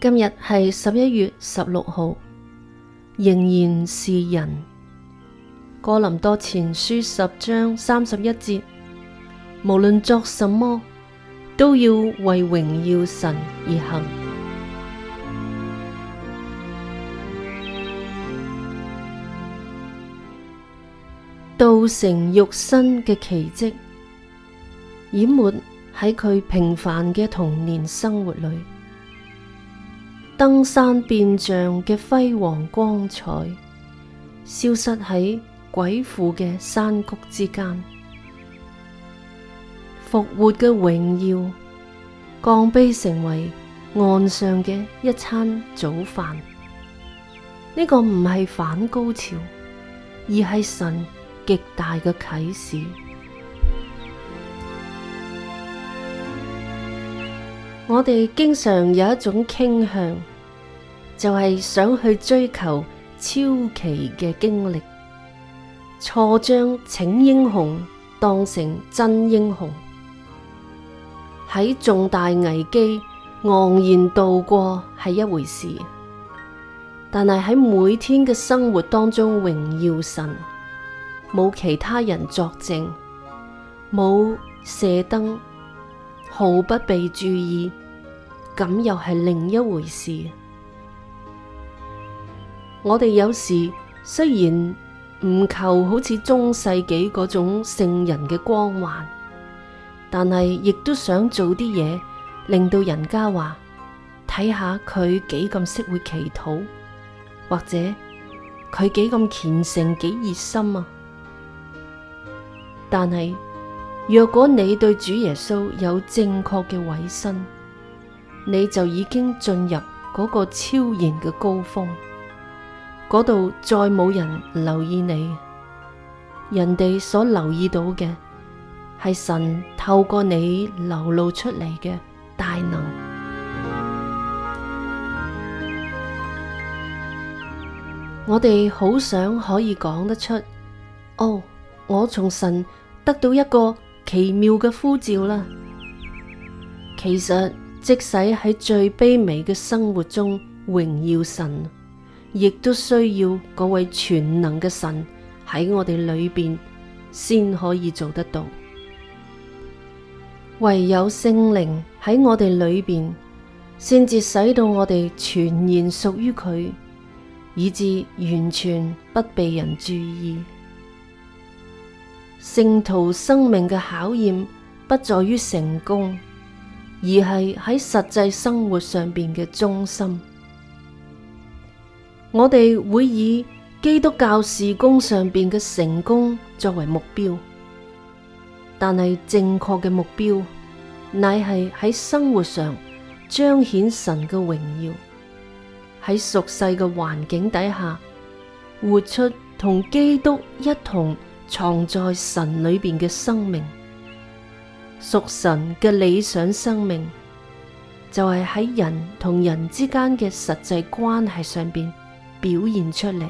今日係十一月十六號，仍然是人。哥林多前書十章三十一節，無論作什麼，都要為榮耀神而行。道成肉身嘅奇蹟，淹沒喺佢平凡嘅童年生活裏。登山變像嘅輝煌光彩，消失喺鬼附嘅山谷之間；復活嘅榮耀，降卑成為岸上嘅一餐早飯。呢、這個唔係反高潮，而係神極大嘅啟示。我哋經常有一種傾向，就係、是、想去追求超奇嘅經歷，錯將逞英雄當成真英雄。喺重大危機昂然度過係一回事，但係喺每天嘅生活當中榮耀神，冇其他人作證，冇射燈。毫不被注意，咁又係另一回事。我哋有時雖然唔求好似中世紀嗰種聖人嘅光環，但係亦都想做啲嘢，令到人家話睇下佢幾咁識會祈禱，或者佢幾咁虔誠、幾熱心啊。但係。若果你對主耶穌有正確嘅委身，你就已經進入嗰個超然嘅高峰，嗰度再冇人留意你，人哋所留意到嘅係神透過你流露出嚟嘅大能。我哋好想可以講得出，哦，我從神得到一個。奇妙嘅呼召啦！其實即使喺最卑微嘅生活中榮耀神，亦都需要嗰位全能嘅神喺我哋裏邊先可以做得到。唯有聖靈喺我哋裏邊，先至使到我哋全然屬於佢，以至完全不被人注意。聖徒生命嘅考驗不在於成功，而係喺實際生活上邊嘅忠心。我哋會以基督教事工上邊嘅成功作為目標，但係正確嘅目標乃係喺生活上彰顯神嘅榮耀，喺俗世嘅環境底下活出同基督一同。藏在神裏邊嘅生命，屬神嘅理想生命，就係喺人同人之間嘅實際關係上邊表現出嚟。